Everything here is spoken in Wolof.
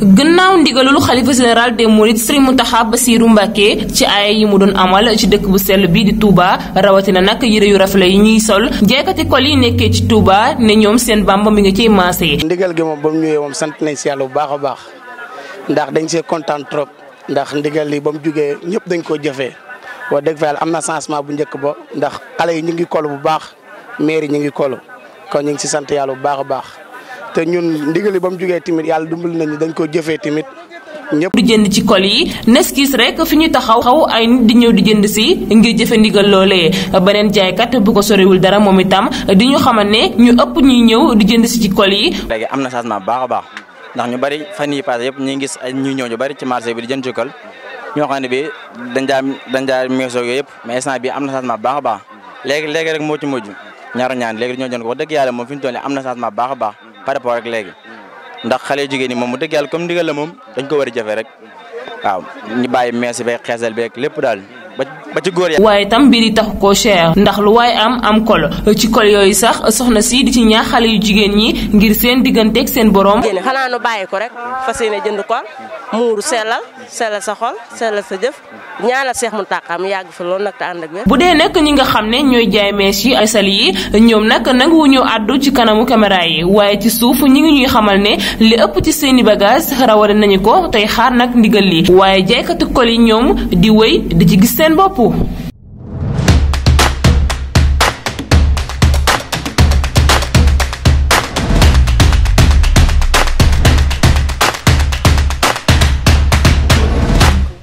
gannaaw ndigalul xalifa général des mourides Serigne Mountakha siiru Mbacké ci aaya yi mu doon amal ci dëkk bu sell bii di Touba rawatina nag yére yu rafet yi ñuy sol jeekati kol yi nekkee ci Touba ne ñoom seen Bàmba mi ngi ciy yi ndigal gi moom ba mu ñëwee moom sant nañ si yàlla bu baax a baax ndax dañ see kontaan trop ndax ndigal li ba mu jugee ñëpp dañ koo jëfee wax dëgg fa yàlla am na changement bu njëkk bo ndax xale yi ñu ngi kol bu baax maire yi ñu ngi kol kon ñu ngi si sant yàlla bu baax a baax te ñun ndigali ba mu jugee tamit yàlla dimbali nañu dañ ko jëfee tamit ñëpp. di jënd ci col yi nes gis rek fi ñu taxaw xaw ay nit di ñëw di jënd si ngir jëfe ndigal loolee beneen jaaykat bu ko soriwul dara moom itam di ñu xamal ne ñu ëpp ñuy ñëw di jënd si ci col yi. léegi am na changement baax baax ndax ñu bari fan yii passé yëpp ñu ngi gis ay ñuy ñëw ñu bi di jënd ci col ñoo xam ne bi dañ daa dañ a baax léegi léegi rek moo ci mujj ñaaru ñaan léegi ñoo jënd ko wax dëgg moom fi ñu toll am na changement baax baax par rapport ak léegi ndax xale jigéen ñi moom mu dëgg yàlla comme ndigal la moom dañ ko war a jafe rek waaw ñu bàyyi mees beeg xeesal beeg lépp daal ba ci góor ya waaye tam mbir yi taxu koo cher ndax lu waaye am am kolo ci kol yooyu sax soxna si di ci ñaax yu jigéen ñi ngir seen digganteeg seen borom. xanaa nu bàyyi ko rek fas yéene jënd kol muuru sellal sellal sa xol sellal sa jëf ñaanal seex mu tàqa mu yàgg fi loolu nag te ànd ak wér. bu dee nag ñi nga xam ne ñooy jaay mees yi ay sali yi ñoom nag nanguwuñu àddu ci kanamu caméra yi waaye ci suuf ñi ngi ñuy xamal ne li ëpp ci seeni bagage rawale nañu ko tey xaar nag ndigal seen bopp